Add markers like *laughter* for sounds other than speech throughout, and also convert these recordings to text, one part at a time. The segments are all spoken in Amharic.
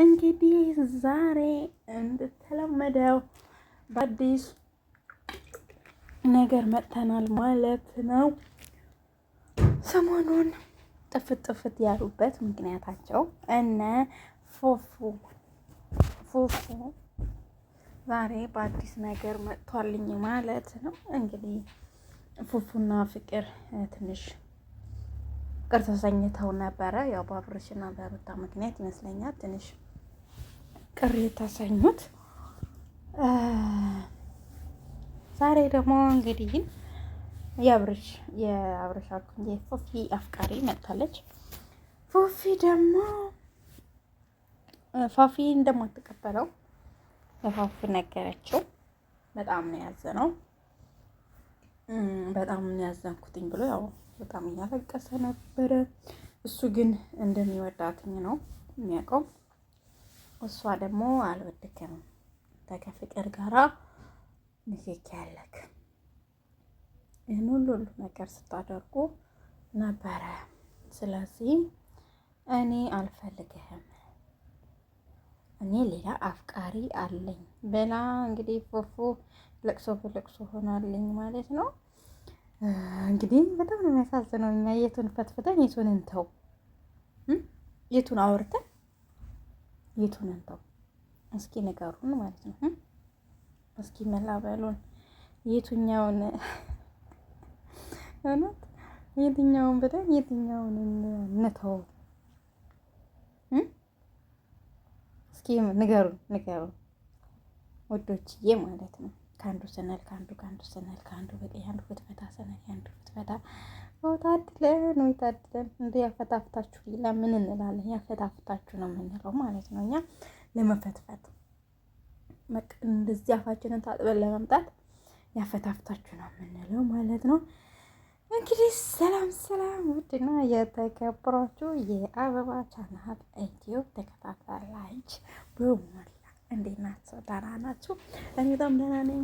እንግዲህ ዛሬ እንደተለመደው በአዲስ ነገር መጥተናል ማለት ነው። ሰሞኑን ጥፍት ጥፍት ያሉበት ምክንያታቸው እነ ፉፉ ፉፉ ዛሬ በአዲስ ነገር መጥቷልኝ ማለት ነው። እንግዲህ ፉፉና ፍቅር ትንሽ ቅር ተሰኝተው ነበረ። ያው በአብርሽና በሩታ ምክንያት ይመስለኛል ትንሽ ቅር የተሰኙት። ዛሬ ደግሞ እንግዲህ የአብርሽ የአብርሽ ፉፊ አፍቃሪ መጥታለች። ፉፊ ደግሞ ፋፊ እንደማትቀበለው ለፋፊ ነገረችው። በጣም ነው ያዘነው። በጣም ነው ያዘንኩትኝ ብሎ ያው በጣም እያለቀሰ ነበረ። እሱ ግን እንደሚወዳትኝ ነው የሚያውቀው። እሷ ደግሞ አልወድክም ከፍቅር ፍቅር ጋራ ንክኪ ያለክ ይህን ሁሉ ሁሉ ነገር ስታደርጉ ነበረ። ስለዚህ እኔ አልፈልግህም፣ እኔ ሌላ አፍቃሪ አለኝ ብላ እንግዲህ ፉፉ ልቅሶ በልቅሶ ሆናለኝ ማለት ነው። እንግዲህ በጣም ነው የሚያሳዝነው። እኛ የቱን ፈትፍተን የቱን እንተው የቱን አውርተን የቱን እንተው እስኪ ንገሩን ማለት ነው። እስኪ መላበሉን የቱኛውን *laughs* እውነት የትኛውን ብለን የትኛውን እንተው እስኪ ንገሩን ንገሩን ወዶችዬ ማለት ነው። ከአንዱ ስንል ከአንዱ ከአንዱ ስንል ከአንዱ በጤ አንዱ ፍትፈታ ስንል የአንዱ ፍትፈታ ሰው ታድለን ወይ ታድለን እንደ ያፈታፍታችሁ ሌላ ምን እንላለን? ያፈታፍታችሁ ነው የምንለው ማለት ነው። እኛ ለመፈትፈት እንደዚህ አፋችንን ታጥበን ለመምጣት ያፈታፍታችሁ ነው የምንለው ማለት ነው። እንግዲህ ሰላም ሰላም፣ ውድና የተከበራችሁ የአበባ ቻናል ኢትዮ ተከታታዮች በሞላ እንዴት ናቸው? ደህና ናችሁ? እኔ በጣም ደህና ነኝ።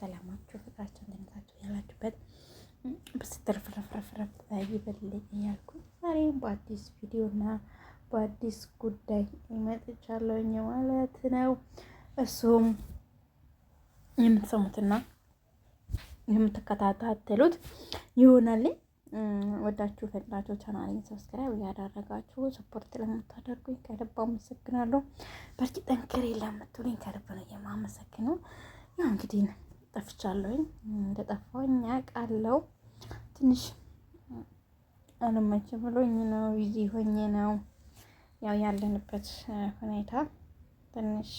ሰላማችሁ ፍቅራችሁ እንደምታችሁ ያላችሁበት ብስትርፍረፍረፍረፍ ይበልልኝ እያልኩኝ ዛሬም በአዲስ ቪዲዮና በአዲስ ጉዳይ መጥቻለሁኝ ማለት ነው። እሱም የምትሰሙትና የምትከታተሉት ይሆናልኝ። ወዳችሁ ፈቅዳችሁ ቻናሌን ሰብስክራይብ እያደረጋችሁ ስፖርት ለምታደርጉኝ ከልብ አመሰግናለሁ። በርቺ ጠንክሬ ለምትሉኝ ከልብ ነው የማመሰግነው። ያው እንግዲህ ጠፍቻለሁኝ። እንደጠፋሁኝ አውቃለሁ። ትንሽ አልመች ብሎኝ ነው፣ ቢዚ ሆኜ ነው። ያው ያለንበት ሁኔታ ትንሽ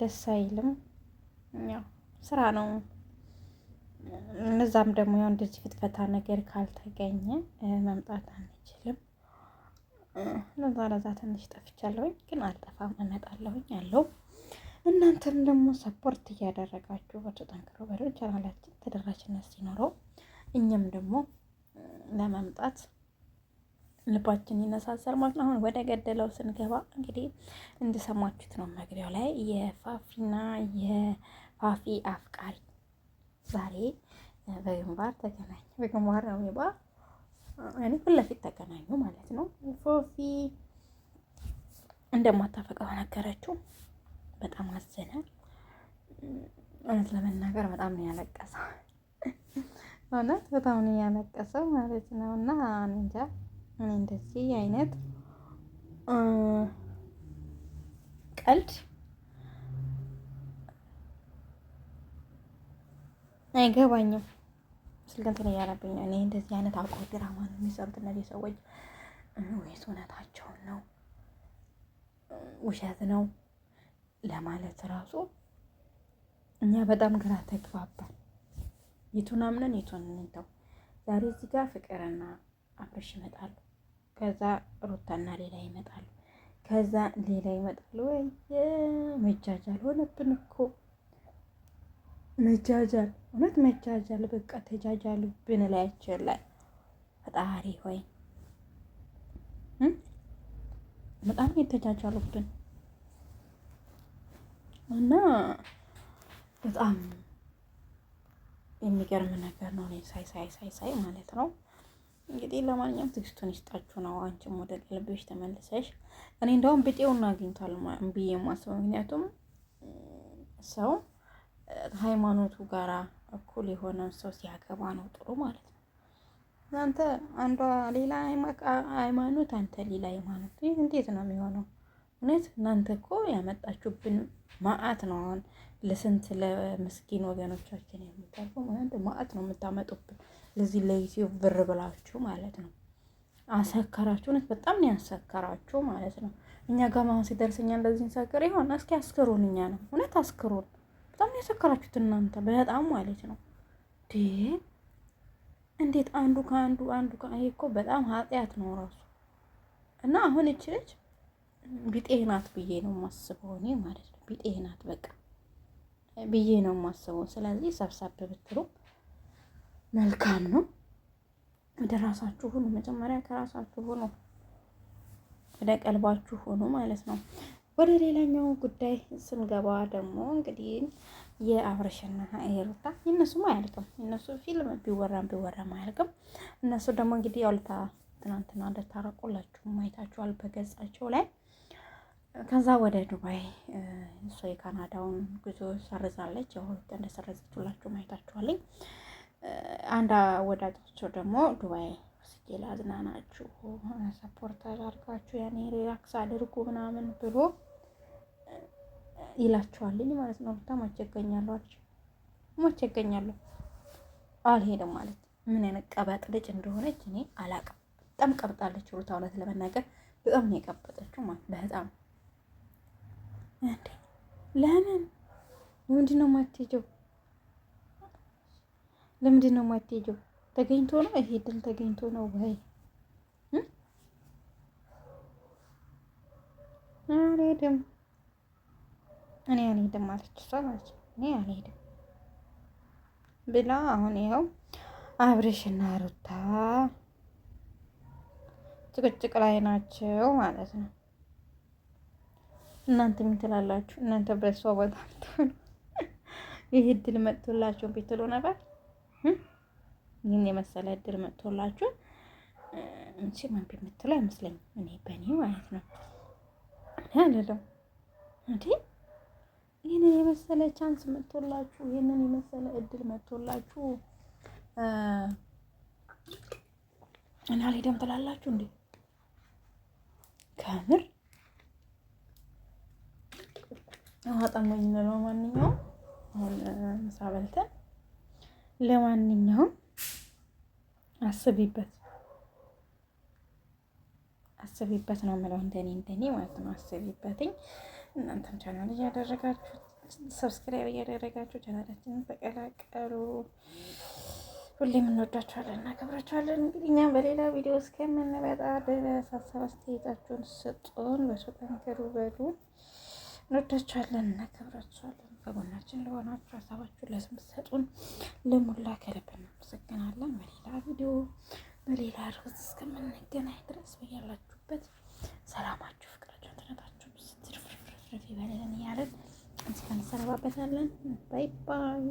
ደስ አይልም። ያው ስራ ነው። እነዛም ደግሞ ያው እንደዚህ ፍትፈታ ነገር ካልተገኘ መምጣት አንችልም። ለዛ ለዛ ትንሽ ጠፍቻለሁኝ፣ ግን አልጠፋም፣ እመጣለሁኝ አለው እናንተም ደግሞ ሰፖርት እያደረጋችሁ በተጠንክሮ በደል ቻናላችን ተደራሽነት ሲኖረው እኛም ደግሞ ለመምጣት ልባችን ይነሳሳል ማለት ነው። አሁን ወደ ገደለው ስንገባ እንግዲህ እንደሰማችሁት ነው መግቢያው ላይ የፋፊና የፋፊ አፍቃሪ ዛሬ በግንባር ተገናኝ በግንባር ነው ባ እኔ ፊት ለፊት ተገናኙ ማለት ነው። ፎፊ እንደማታፈቀው ነገረችው። በጣም አዘነ። እውነት ለመናገር በጣም ነው ያለቀሰው። እውነት በጣም ነው ያለቀሰው ማለት ነው። እና እንጃ እኔ እንደዚህ አይነት ቀልድ አይገባኝም። ስልክ እንትን እያለብኝ ነው። እኔ እንደዚህ አይነት አውቀው ድራማ ነው የሚሰሩት እነዚህ ሰዎች ወይስ እውነታቸውን ነው? ውሸት ነው? ለማለት ራሱ እኛ በጣም ግራ ተግባባል። የቱን አምነን የቱን እንተው። ዛሬ እዚህ ጋር ፍቅርና አብርሽ ይመጣሉ፣ ከዛ ሩታና ሌላ ይመጣሉ፣ ከዛ ሌላ ይመጣሉ። ወይ መጃጃል ሆነብን እኮ መጃጃል፣ እውነት መጃጃል። በቃ ተጃጃሉ ብን ላያችን ላይ ፈጣሪ ሆይ በጣም የተጃጃሉብን። እና በጣም የሚገርም ነገር ነው። እኔ ሳይ ሳይ ሳይ ሳይ ማለት ነው። እንግዲህ ለማንኛውም ትዕግስቱን ይስጣችሁ ነው። አንቺም ወደ ቀልብሽ ተመልሰሽ እኔ እንደውም ብጤውን አግኝቷል ብዬ የማስበው ምክንያቱም ሰው ሃይማኖቱ ጋራ እኩል የሆነ ሰው ሲያገባ ነው ጥሩ ማለት ነው። እናንተ አንዷ ሌላ ሃይማኖት፣ አንተ ሌላ ሃይማኖት፣ ይህ እንዴት ነው የሚሆነው? እውነት እናንተ እኮ ያመጣችሁብን ማአት ነው። አሁን ለስንት ለምስኪን ወገኖቻችን የምታልፉ ማለት ማአት ነው የምታመጡብን። ለዚህ ለዩትዩብ ብር ብላችሁ ማለት ነው አሰከራችሁ። እውነት በጣም ነው ያሰከራችሁ ማለት ነው። እኛ ጋር ማሁን ሲደርስ እኛ እንደዚህ እንሰክር ይሆን? እስኪ አስክሩን፣ እኛ ነው እውነት አስክሩን። በጣም ነው ያሰከራችሁት እናንተ በጣም ማለት ነው። እንዴት አንዱ ከአንዱ አንዱ ከ ይሄ እኮ በጣም ኃጢአት ነው ራሱ እና አሁን ይችለች ቢጤናት ብዬ ነው ማስበው እኔ ማለት ነው። ቢጤናት በቃ ብዬ ነው የማስበው። ስለዚህ ሰብሰብ ብትሉ መልካም ነው። ወደ ራሳችሁ ሁኑ። መጀመሪያ ከራሳችሁ ሁኑ፣ ወደ ቀልባችሁ ሁኑ ማለት ነው። ወደ ሌላኛው ጉዳይ ስንገባ ደግሞ እንግዲህ የአብረሽና የሩታ እነሱም አያልቅም። እነሱ ፊልም ቢወራም ቢወራም አያልቅም። እነሱ ደግሞ እንግዲህ ያው ትናንትና እንደታረቁላችሁ ማየታችኋል በገጻቸው ላይ ከዛ ወደ ዱባይ እሷ የካናዳውን ጉዞ ሰርዛለች። ያው እንደሰረዘች ሁላችሁ ማየታችኋለኝ። አንድ ወዳጃቸው ደግሞ ዱባይ ወስጄ ላዝናናችሁ፣ ሰፖርት አድርጋችሁ ያኔ ሪላክስ አድርጉ ምናምን ብሎ ይላችኋልኝ ማለት ነው። ብታ ሞቼ እገኛለሁ ሞቼ እገኛለሁ አልሄድም ማለት ምን አይነት ቀበጥ ልጅ እንደሆነች እኔ አላቅም። በጣም ቀብጣለች ሩታ፣ እውነት ለመናገር በጣም ነው የቀበጠችው ማለት በጣም እንዴ ለምን ለምንድን ነው የማትሄጂው? ለምንድን ነው የማትሄጂው? ተገኝቶ ነው ይሄ ድል ተገኝቶ ነው ወይ? አልሄድም እኔ አልሄድም አለች እሷ ማለት ነው። እኔ አልሄድም ብላ አሁን ይኸው አብሬሽና ሩታ ጭቅጭቅ ላይ ናቸው ማለት ነው። እናንተ ምን ትላላችሁ? እናንተ በእሷ ቦታ ብትሆኑ *laughs* ይህ እድል መጥቶላችሁ ብትሉ ነበር። ይህን የመሰለ እድል መጥቶላችሁ እንቺ ማን የምትሉ አይመስለኝም። እኔ በእኔ ማለት ነው አልለው እንዴ ይህንን የመሰለ ቻንስ መጥቶላችሁ፣ ይህንን የመሰለ እድል መጥቶላችሁ እና አልሄደም ትላላችሁ እንዴ? ከምር አጠሞኝ ነው። ማንኛውም አሁን ምሳ በልተን ለማንኛውም አስቢበት አስቢበት ነው የምለው፣ እንደኔ እንደኔ ማለት ነው። አስቢበትኝ እናንተም ቻናል እያደረጋችሁ ሰብስክራይብ እያደረጋችሁ ቻናላችንን ተቀላቀሉ። ሁሌም እንወዳችኋለን እናከብራችኋለን። እንግዲህ እኛም በሌላ ቪዲዮ እስከምንመጣ ድረስ ሀሳብ አስተያየታችሁን ስጡን። በሱ ጠንክሩ በሉ። እንወዳችኋለን፣ እናከብራችኋለን። ከጎናችን ለሆናችሁ ሀሳባችሁ ለምትሰጡን ለሙላ ከልብ እናመሰግናለን። በሌላ ቪዲዮ በሌላ ርዕስ እስከምንገናኝ ድረስ በያላችሁበት ሰላማችሁ፣ ፍቅራችሁ፣ ትነታችሁ ስትርፍርፍርፍ ይበለን እያለን እንሰነባበታለን። ባይ ባይ።